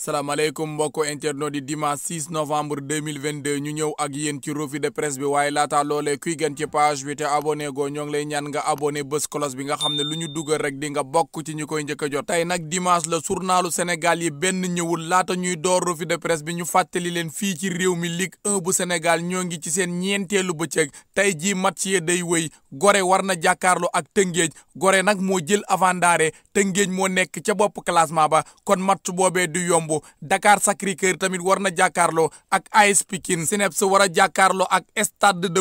salaamaaleykum mbokku internet di dimanche 6 novembre 2022 ñu ñëw ak yéen ci revue de presse bi waaye laata loolee kuy gën ci page bi te abonné go ñoo ngi lay ñaan nga abonné bés cloche bi nga xam ne lu ñu dugal rek di nga bokk ci ñu ko njëkk jot tey nag dimanche la journalu Sénégal yi benn ñëwul laata ñuy door revue de presse bi ñu fàttali leen fii ci réew mi Ligue bu Sénégal ñoo ngi ci seen ñeenteelu bëccëg tey jii match yi day wëy gore war na jàkkaarloo ak Tëngéej Gorée nag moo jël avant Ndaare moo nekk ca bopp classement ba kon match boobee du yomb Gambo Dakar Sacré-Cœur tamit war na jàkkaarloo ak AS Pikine CNEPS war a jàkkaarloo ak Stade de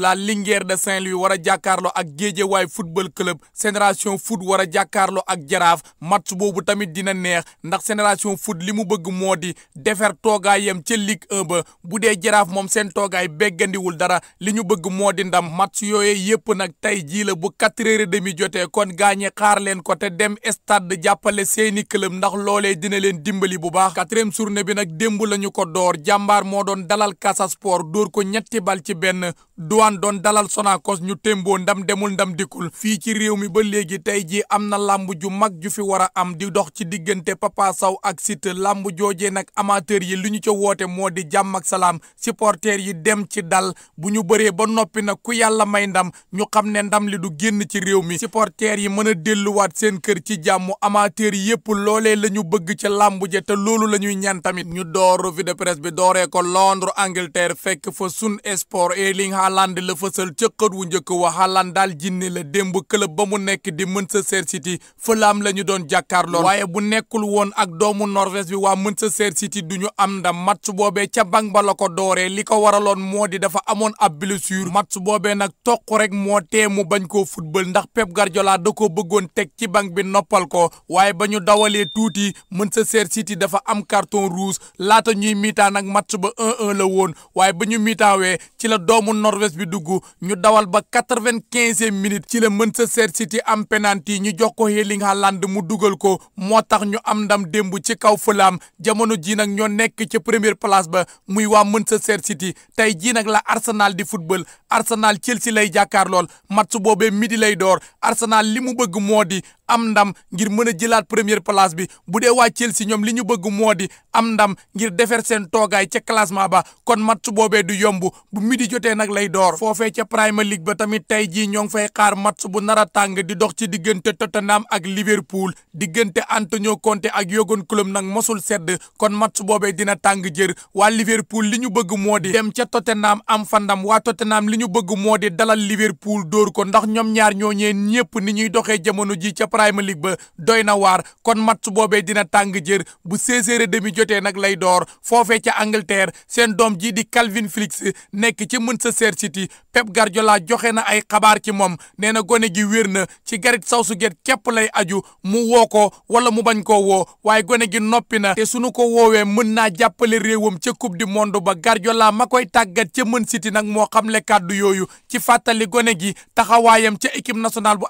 la Linguère de Saint-Louis war a jàkkaarloo ak Guédiawaye Football Club Génération Foot war a jàkkaarloo ak Jaraaf match boobu tamit dina neex ndax Génération Foot li mu bëgg moo di defer toogaayam ca Ligue 1 ba bu dee Jaraaf moom sen toogaay beggandiwul dara li ñu bëgg moo di ndam match yooyu yëpp nag tey jii la bu quatre heures et demi jotee kon gaañe xaar ko te dem stade jàppale seeni club bu baax quatrième journée bi nag démb la ko door jàmbaar moo doon dalal Casa dóor ko ñetti bal ci benn douane doon dalal Sonacos ñu témboo ndam demul ndam dikkul fii ci réew mi ba léegi tey jii am na làmb ju mag ju fi war a am di dox ci diggante Papa Sow ak Siteu làmb joojee nag amateur yi li ñu ca woote moo di jàmm ak salaam supporters yi dem ci dal bu ñu bëree ba noppi nag ku yàlla may ndam ñu xam ne ndam li du génn ci réew mi supporters yi mën a delluwaat seen kër ci jàmm amateur yépp loolee la ñu loolu la ñuy ñaan tamit ñu door revue de presse bi dooree ko Londres Angleterre fekk fa sun sport Erling Haaland la fësal ca xët wu njëkk wa Haaland daal jinne la démb club ba mu nekk di mën Manchester City fëlaam la ñu doon jàkkaarloo waaye bu nekkul woon ak doomu norvege bi waa Manchester City du ñu am ndam match boobee ca bang ba la ko dooree li ko waraloon moo di dafa amoon ab blessure match boobee nag toq rek moo tee mu bañ ko football ndax Pep Guardiola da ko bëggoon teg ci bang bi noppal ko waaye ba ñu dawalee tuuti fa am carton rouge laata ñuy miita nag match ba 1-1 la woon waaye ba ñu mitaawee ci la doomu Norvège bi dugg ñu dawal ba quatre-vingt-quinzième minute ci la Manchester City am penalty ñu jox ko Erling Haaland mu dugal ko moo tax ñu am ndam démb ci kaw Fulham jamono jii nag ñoo nekk ci première place ba muy waa Manchester City tey jii nag la Arsenal di football Arsenal si lay jàkkaarlool match boobee midi lay door Arsenal li mu bëgg moo di am ndam ngir mën a jëlaat première place bi bu dee waa Chelsea ñoom li ñu bëgg moo di am ndam ngir defar seen toogaay ca classement ba kon match boobee di yomb bu midi jotee nag lay door. foofee ca Premier League ba tamit tey jii ñoo ngi fay xaar match bu nar a tàng di dox ci diggante Tottenham ak Liverpool diggante Antonio Conte ak Jürgen Klopp nag mosul sedd kon match boobee dina tàng jër waa Liverpool li ñu bëgg moo di dem ca Tottenham am fa ndam waa Tottenham li ñu bëgg moo di dalal Liverpool dóor ko ndax ñoom ñaar ñëpp ni ñuy doxee jamono ji ca prime league ba doy na waar kon mat boobee dina tàng jër bu 16h30 jotee nag lay door foofee ca Angleterre seen doom ji di Calvin Phillips nekk ci Manchester City Pep Guardiola joxe na ay xabaar ci moom nee na gone gi wér na ci Gareth Southgate képp lay aju mu woo ko wala mu bañ koo woo waaye gone gi noppi na te suñu ko woowee mën naa jàppale réewam ca coupe di monde ba Guardiola ma koy tàggat ca mën siti nag moo xam xamle kàddu yooyu ci fàttali gone gi taxawaayam ca équipe nationale bu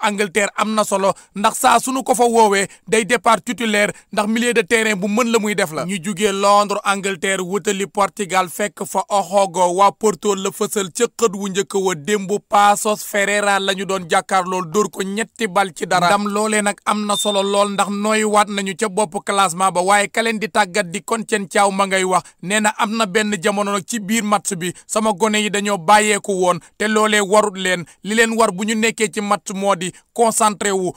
ndax saa suñu ko fa woowee day départ titulaire ndax milier de terrain bu mën la muy def la ñu jugee Londres Angleterre wutali portigal fekk fa Oxogo waa Porto la fësal ca xët wu njëkk wa démb Passos Ferreira la ñu doon jàkkaar lool dóor ko ñetti bal ci dara ndam loolee nag am na solo lool ndax nooy waat nañu ca bopp classement ba waaye kaleen di tàggat di Kontien Thiaw ma ngay wax nee na am na benn jamono nag ci biir match bi sama gone yi dañoo bàyyeeku woon te loolee warut leen li leen war bu ñu nekkee ci match moo di concentré wu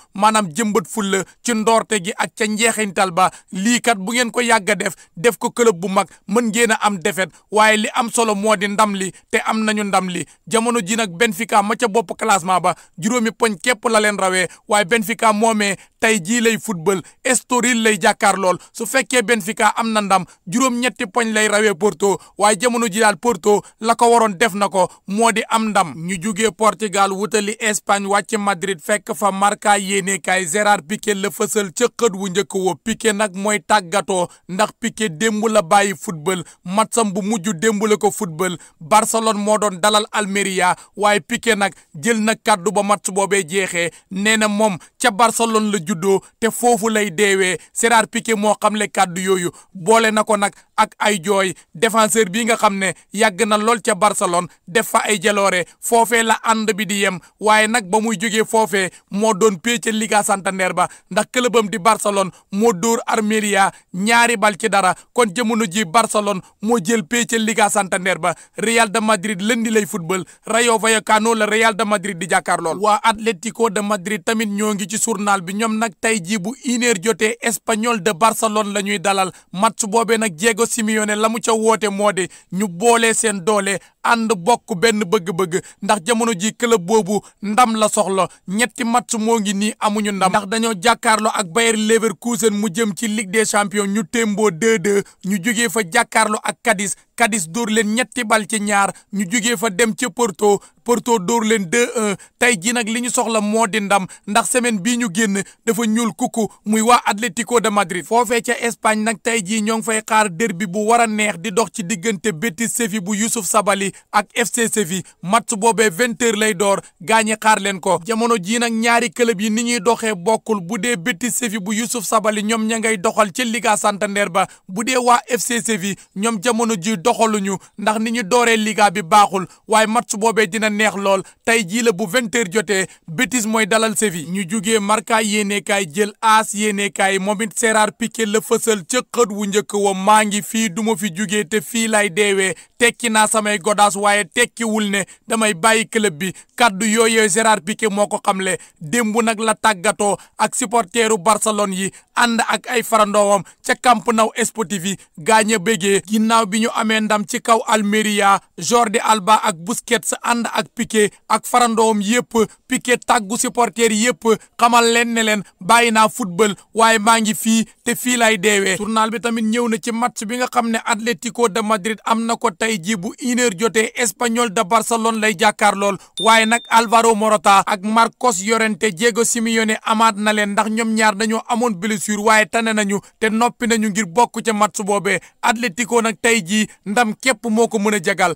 jëmbat fulla ci ndoorte gi ak ca njeexintal ba liikat kat bu ngeen ko yàgg def def ko club bu mag mën ngeen a am defet waaye li am solo moo di ndam li te am nañu ndam li jamono ji nag Benfica ma ca bopp classement ba juróomi poñ képp la leen rawee waaye Benfica moomee tey jii lay football Estoril lay jàkkaar lool su fekkee Benfica am na ndam juróom-ñetti poñ lay rawee Porto waaye jamono ji daal Porto la ko waroon def na ko moo di am ndam ñu jugee Portugal wutali Espagne wàcc Madrid fekk fa Marca yéenekaay Abdoulaye Gérard Piqué la fësal ca xët wu njëkk woo Piqué nag mooy tàggatoo ndax Piqué démb la bàyyi football matsam bu mujj démb la ko football Barcelone moo doon dalal Almeria waaye Piqué nag jël na kàddu ba match boobee jeexee nee na moom ca Barcelone la juddoo te foofu lay deewee Gérard Piqué moo xam xamle kàddu yooyu boole na ko nag ak ay jooy défenseur bi nga xam ne yàgg na lool ca Barcelone def fa ay jaloore foofe la ànd bi di yem waaye nag ba muy jógee foofee moo Santander ba ndax clubam di Barcelone moo dóor Almeria ñaari bal ci dara kon jamono ji Barcelone moo jël pee ca Liga Santander ba Real de Madrid lëndi lay football Rayo Vallecano la Real de Madrid di jàkkaar lool waa Atlético de Madrid tamit ñoo ngi ci journal bi ñoom nag tey jii bu une heure jotee Espagnol de Barcelone la ñuy dalal match boobee nag Diego Simeone la mu ca woote moo di ñu boole seen doole ànd bokk benn bëgg-bëgg ndax jamono ji club boobu ndam la soxla ñetti match moo ngi nii amuñu ndam ndax dañoo jàkkaarloo ak Bayer Leverkusen mu jëm ci Ligue des Champions ñu témboo 2 ñu jógee fa jàkkaarloo ak Cadiz kadis dóor leen ñetti bal ci ñaar ñu jógee fa dem ca Porto Porto dóor leen 2-1 tey jii nag li ñu soxla moo di ndam ndax semaine bii ñu génn dafa ñuul kuku muy waa Atlético de Madrid. foofee ca Espagne nag tey jii ñoo ngi fay xaar derbi bu war a neex di dox ci diggante Betis Séville bu Youssouf Sabali ak FC Séville match boobee 20 lay door gaañi xaar leen ko. jamono jii nag ñaari club yi ni ñuy doxee bokkul bu dee Betis Séville bu Youssouf Sabali ñoom ña ngay doxal ci Liga Santander ba bu dee waa FC Séville ñoom jamono ji doxaluñu ndax ni ñu dooree Liga bi baaxul waaye match boobee dina. neex lool tey jii la bu vingt heures jotee Betis mooy dalal Séville ñu jugee Marca yéenekaay jël AS yéenekaay moom it Gérard Piqué la fësal ca xët wu njëkk wa maa ngi fii duma fi jugee te fii lay deewee tekki naa samay godaas waaye tekkiwul ne damay bàyyi club bi kaddu yooyee Gérard Piqué moo ko xamle démb nag la tàggatoo ak supporteru Barcelone yi ànd ak ay farandoowam ca Camp Nou Sportivi gaañ a ginnaaw bi ñu amee ndam ci kaw Almeria Jordi Alba ak Piqué ak farandoom yëpp Piqué tàggu supporters yëpp xamal leen ne leen bàyyi naa football waaye maa ngi fii te fii lay deewee journal bi tamit ñëw na ci match bi nga xam ne Atlético de Madrid am na ko tey ji bu une jote jotee Espagnol de Barcelone lay jàkkaar lool waaye nag Alvaro morota ak Marcos Llorente Diego Simeone amaat na leen ndax ñoom ñaar dañoo amoon blessure waaye tane nañu te noppi na ñu ngir bokk ca match boobee Atlético nag tey jii ndam képp moo ko mën a jagal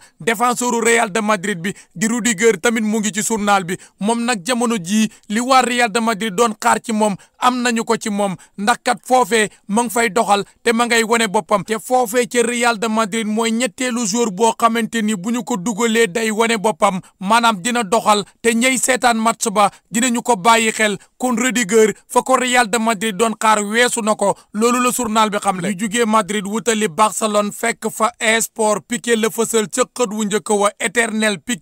bi Rudiger tamit mu ngi ci journal bi moom nag jamono jii li waa Real de Madrid doon xaar ci moom am nañu ko ci moom ndax kat foofee ma ngi fay doxal te ma ngay wane boppam te foofee ca Real de Madrid mooy ñetteelu jour boo xamante ni bu ñu ko dugalee day wane boppam maanaam dina doxal te ñey seetaan match ba dinañu ko bàyyi xel kon Rudiger fa ko Real de Madrid doon xaar weesu na ko loolu la journal bi xam le ñu jugee Madrid wutali Barcelone fekk fa esport Piqué la fësal ca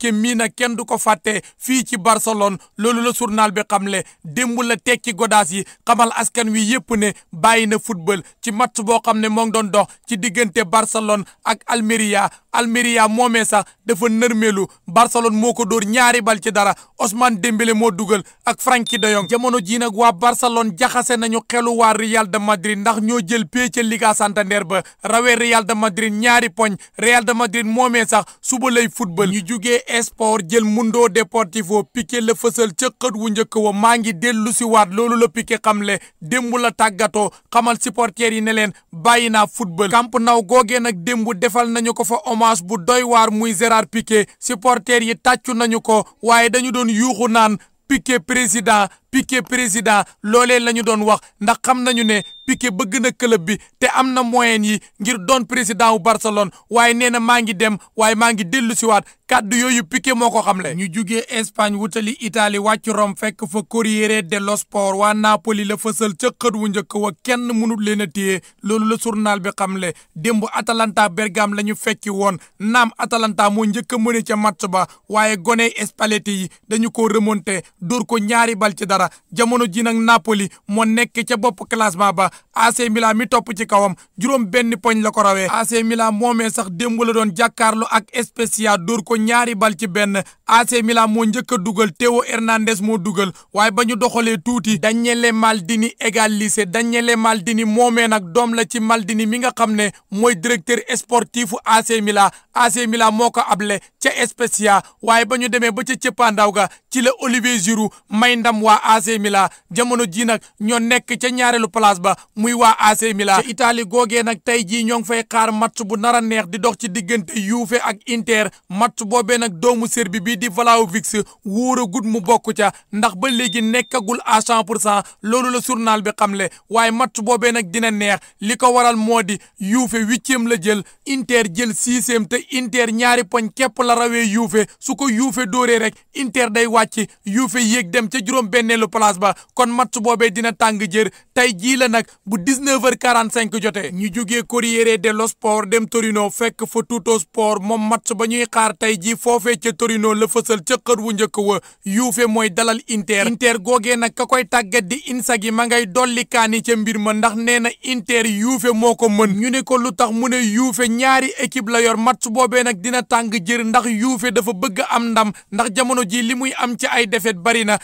xët na kenn du ko fàtte fii ci Barcelone loolu la journal bi xam xamle démb la tekki godaas yi xamal askan wi yépp ne bàyyi na football ci match boo xam ne moo ngi doon dox ci diggante Barcelone ak Almeria Almeria moomee sax dafa nërmeelu Barcelone moo ko dóor ñaari bal ci dara Ousmane Dembélé moo dugal ak Frenkie de Jong jamono jii nag waa Barcelone jaxase nañu xelu waa Real de Madrid ndax ñoo jël pee ca Liga Santander ba rawee Real de Madrid ñaari poñ Real de Madrid moomee sax suba lay football ñu jugee Esport jël Mundo Deportivo Piqué la fësal ca wu njëkk wa maa ngi dellu si waat loolu la xam xamle démb la tàggatoo xamal supporters yi ne leen bàyyi naa football Camp Nou googee nag démb defal nañu ko fa hommage bu doy waar muy Gérard Piqué supporters yi tàccu nañu ko waaye dañu doon yuuxu naan Piqué président Piqué président loolee la ñu doon wax ndax xam nañu ne Piqué bëgg na club bi te am na moyen yi ngir doon président wu Barcelone waaye nee na maa ngi dem waaye maa ngi dellu siwaat kàddu yooyu Piqué moo ko xamle. ñu jugee Espagne wutali Italie wàcc Rome fekk fa Corriere dello Sport waa Napoli la fësal ca xët wu njëkk wa kenn mënut leen a téye loolu la journal bi le démb Atalanta Bergame la ñu fekki woon naam Atalanta moo njëkk a mëne ca match ba waaye gone Spalletti yi dañu ko remonté dóor ko ñaari bal dara. dara jamono ji nag Napoli moo nekk ca bopp classement ba AC Milan mi topp ci kawam juróom benn poñ la ko rawee AC moo moomee sax démb la doon jàkkaarloo ak Spezia dóor ko ñaari bal ci benn AC Milan moo njëkk a dugal Théo Hernandez moo dugal waaye ba ñu doxalee tuuti Daniele Maldini égalisé Daniele Maldini moomee nag doom la ci mal dini mi nga xam ne mooy directeur sportifu AC Milan AC Milan moo ko able ca Spezia waaye ba ñu demee ba ca cëppaandaw ga ci la Olivier Giroud may ndam waa AC Milan jamono ji nag ñoo nekk ca ñaareelu place ba muy waa AC itali ca googee nag tey jii ñoo ngi fay xaar match bu nar a neex di dox ci diggante Juve ak Inter match boobee nag doomu Serbi bi di Vlahovic wóoragut mu bokk ca ndax ba léegi nekkagul à cent pour cent loolu la journal bi le waaye match boobee nag dina neex li ko waral moo di Juve huitième la jël Inter jël sixième te Inter ñaari poñ képp la rawee Juve su ko Juve dóoree rek Inter day wàcc Juve yéeg dem ca juróom ñetteelu place ba kon match boobee dina tàng jër tey jii la nag bu 19h45 jote ñu jugee Corriere dello Sport dem Torino fekk fa Tuttosport moom match ba ñuy xaar tey jii foofee ca Torino la fësal ca xër wu njëkk wa Juve mooy dalal Inter Inter googee nag ka koy tàggat di Inzaghi ma ngay dolli kaani ca mbir ma ndax nee na Inter Juve moo ko mën ñu ne ko lu tax mu ne Juve ñaari équipe la yor match boobee nag dina tàng jër ndax Juve dafa bëgg am ndax jamono ji li muy am ci ay défaite bari na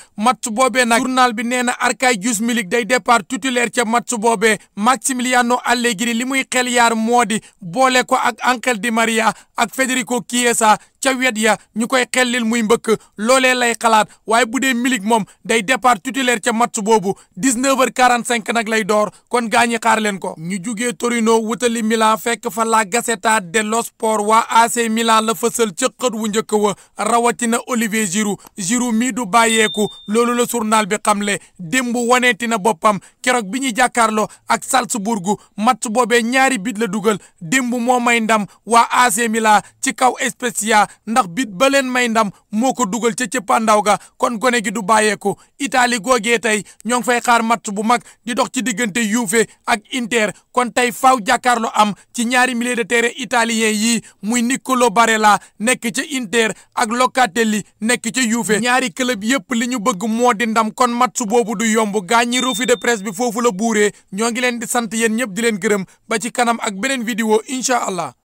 boobee nag journal bi nee na Arkay Jus Milik day départ titulaire ca match boobee Maximiliano Allegri li muy xel yaar moo di boole ko ak Ángel Di María ak Federico Chiesa ca wet ya ñu koy xellil muy mbëkk loole lay xalaat waaye bu dee milik moom day départ titulaire ca match boobu 19h45 nag lay door kon gaañi xaar leen ko. ñu jugee Torino wutali Milan fekk fa la Gazzetta dello Sport waa AC Milan la fësal ca xët wu njëkk wa rawatina Olivier Giroud Giroud mii du bàyyeeku loolu la journal bi xamle démb waneeti na boppam keroog bi ñuy jàkkaarloo ak Salzburg match boobee ñaari bit la dugal démb moo may ndam waa AC Milan ci kaw Spezia ndax bit ba leen may ndam moo ko dugal ca cëppaandaw ga kon gone gi du bàyyeeku Italie googee tey ñoo ngi fay xaar match bu mag di dox ci diggante Juve ak Inter kon tey faw jàkkaarloo am ci ñaari milieu de terrain italien yii muy Nicolo Barella nekk ci Inter ak Locatelli nekk ci yuufe ñaari club yépp li ñu bëgg moo di ndam kon match boobu du yomb gaa ñi rofi de presse bi foofu la buuree ñoo ngi leen di sant yéen ñëpp di leen gërëm ba ci kanam ak beneen vidéo incha allah